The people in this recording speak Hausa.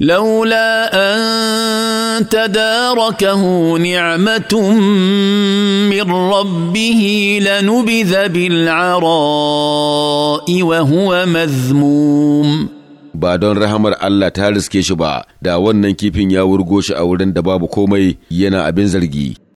لولا ان تداركه نعمه من ربه لنبذ بالعراء وهو مذموم ba don rahamar Allah ta riske shi ba da wannan kifin ya wurgo shi a wurin da babu komai yana abin zargi